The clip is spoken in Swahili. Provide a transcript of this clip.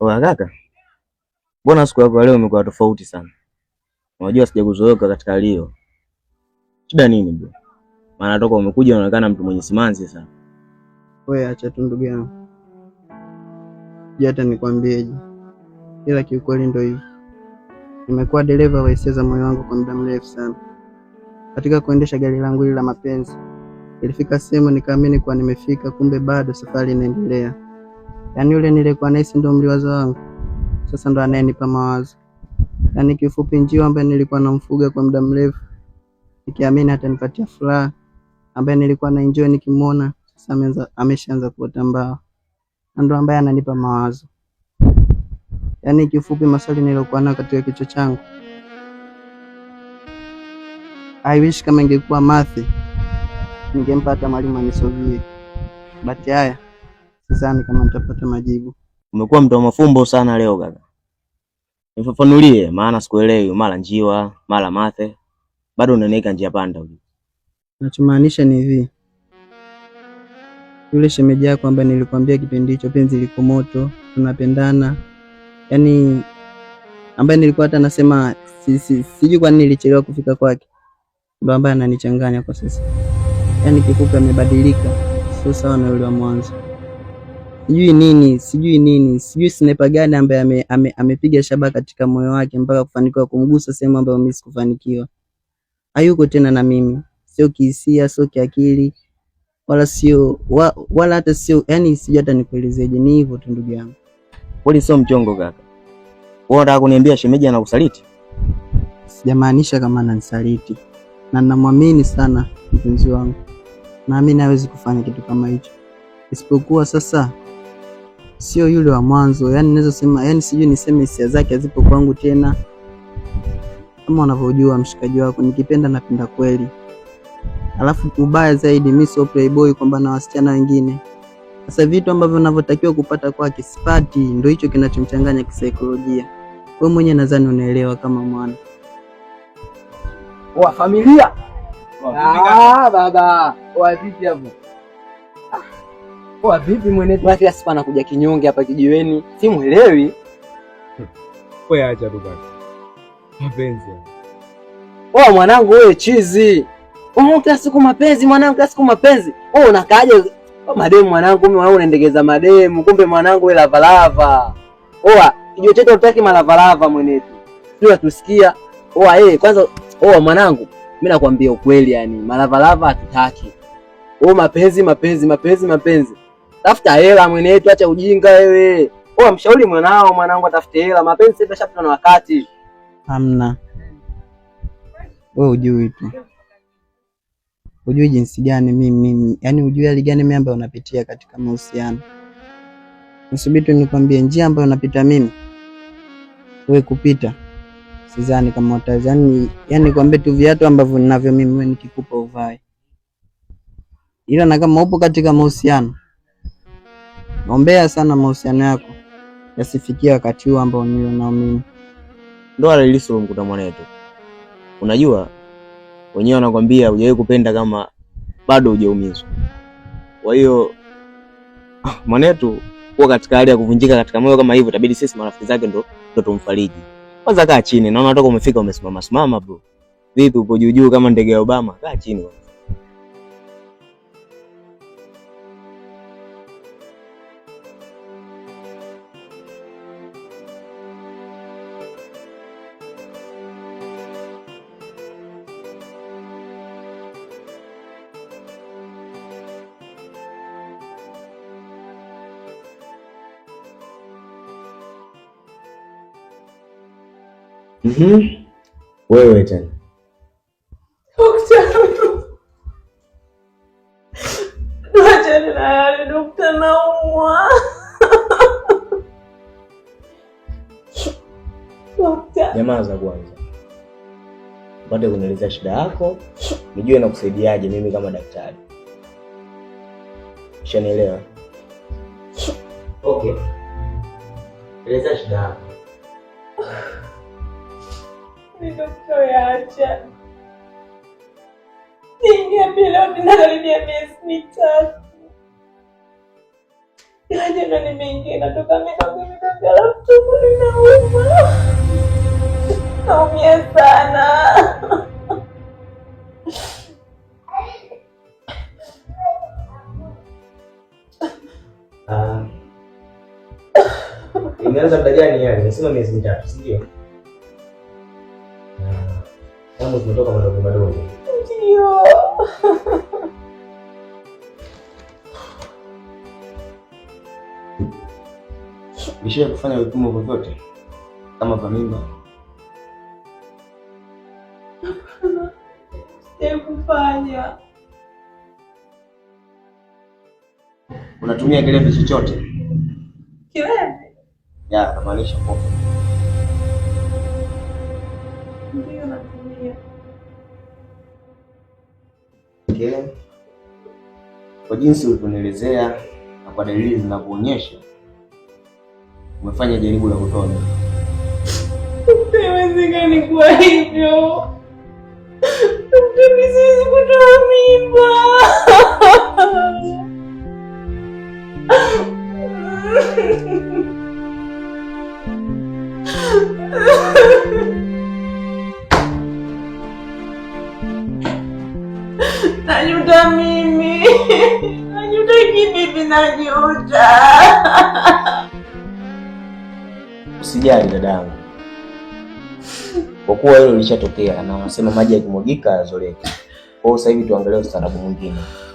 Oa kaka, mbona siku yako leo imekuwa tofauti sana? Unajua sijakuzoeka katika lio Shida nini bro? Maana toka umekuja unaonekana mtu mwenye simanzi sana. Wewe acha tu ndugu yangu, hata nikwambieje, ila kiukweli ndio hivi. Nimekuwa dereva wa hisia za moyo wangu kwa muda mrefu sana. Katika kuendesha gari langu hili la mapenzi, ilifika sehemu nikaamini kuwa nimefika, kumbe bado safari inaendelea. Yaani yule nilikuwa nahisi ndo mliwaza wangu sasa ndo anayenipa mawazo. Yaani kifupi, njiwa ambaye nilikuwa namfuga kwa muda mrefu nikiamini atanipatia furaha, ambaye nilikuwa na enjoy nikimwona, sasa ameshaanza kuota mbao, na ndo ambaye ananipa mawazo. Yaani kifupi, maswali niliokuwa nayo katika kichwa changu, I wish kama ingekuwa mathi ningempata mwalimu anisolvie, but haya Sidhani kama nitapata majibu. Umekuwa mtu wa mafumbo sana leo kaka, nifafanulie, maana sikuelewi. Mara njiwa, mara mathe, bado unaniweka njia panda. Nachomaanisha ni hivi, yule shemeji yako nilikwambia kipindi hicho penzi liko moto, tunapendana, yaani ambaye nilikuwa hata nasema si, si, sijui kwa nini nilichelewa kufika kwake, ndo ambaye ananichanganya kwa sasa. Yaani kikupe amebadilika, sio sawa na yule wa mwanzo sijui nini sijui nini sijui sniper gani ambaye amepiga ame, ame shaba katika moyo wake mpaka kufanikiwa kumgusa sehemu ambayo mimi sikufanikiwa. Hayuko tena na mimi, sio kihisia, sio kiakili, wala sio wa, wala hata sio yani, sijui hata nikuelezeje. Ni hivyo tu ndugu yangu, wali sio mchongo kaka. Wewe unataka kuniambia shemeji anakusaliti? Sijamaanisha kama ananisaliti, na namwamini sana mpenzi wangu, naamini hawezi kufanya kitu kama hicho, isipokuwa sasa sio yule wa mwanzo. Yani naweza sema, yani sijui niseme hisia zake hazipo kwangu tena. Kama unavyojua mshikaji wako, nikipenda napenda kweli. Alafu ubaya zaidi, mimi sio playboy kwamba na wasichana wengine. Sasa vitu ambavyo navyotakiwa kupata kwake sipati, ndio hicho kinachomchanganya kisaikolojia. Wewe mwenyewe nadhani unaelewa kama mwana wa familia. Ah, baba, vipi hapo. Poa vipi mwenetu? Mbona kila siku anakuja kinyonge hapa kijiweni? Si mwelewi. Wewe acha tu basi. Mapenzi. Wewe oh, mwanangu wewe chizi. Wewe kila siku mapenzi mwanangu, kila siku mapenzi. Wewe unakaaje oh, mademu mwanangu, mimi wewe unaendegeza mademu, kumbe mwanangu wewe lava. Oa, kijiwe chetu utaki malavalava mwenetu. Sio tusikia. Oa, eh kwanza oa mwanangu, mimi nakwambia ukweli yani, malavalava hatutaki. Oh, mapenzi mapenzi mapenzi mapenzi. Tafuta hela mwenetu, acha ujinga wewe. Wewe mshauri mwanao, mwanangu atafute hela. Mapenzi sasa shapitwa na wakati. Hamna. Wewe ujui tu. Ujui jinsi gani mimi, yani ujui hali gani mimi ambayo unapitia katika mahusiano. Usibitu nikwambie njia ambayo unapita mimi. Wewe kupita. Sidhani kama utazani, yani kwambie tu viatu ambavyo ninavyo mimi wewe nikikupa uvae. Ila na kama upo katika mahusiano Ombea sana mahusiano yako yasifikie wakati huu ambao nilio nao mimi. Ndoa liliso mkuta mwanetu, unajua wenyewe wanakwambia hujawahi kupenda kama bado hujaumizwa. Kwa hiyo mwanetu kuwa katika hali ya kuvunjika katika moyo kama hivyo, itabidi sisi marafiki zake ndo ndo tumfariji. Kwanza kaa chini, naona toka umefika umesimama simama bro. Vipi upo juu juu kama ndege ya Obama? Kaa chini. Mm -hmm. Wewe tena dokta, naumwa za kwanza, upate kunielezea shida yako, nijue nakusaidiaje mimi kama daktari. Ushanielewa? Okay, eleza shida yako. kutoyaacha. Niingia piloni na karibia miezi mitatu, ila jana nimeingia inatoka midogo midogo, alafu tumbo linauma, naumia sana. Ah, imeanza muda gani? Yani nasema miezi mitatu, si zangu zimetoka madogo madogo. Ndio. Nishaje kufanya vipimo vyovyote kama vya mimba? Sikufanya. Unatumia kilevi chochote? Kilevi? Ya, namaanisha pombe. Ndiyo natumia. Okay. Kwa jinsi ulivyonielezea na kwa dalili zinavyoonyesha umefanya jaribu la kutoa. Haiwezekani kuwa hivyo. Siwezi kutoa mimba. Najuta mimi, najuta kibibi, najuta. Usijali dadangu, kwa kuwa hilo lishatokea, na wanasema maji yakimwagika yazoleka. Kwa hiyo sasa hivi tuangalie ustaarabu mwingine.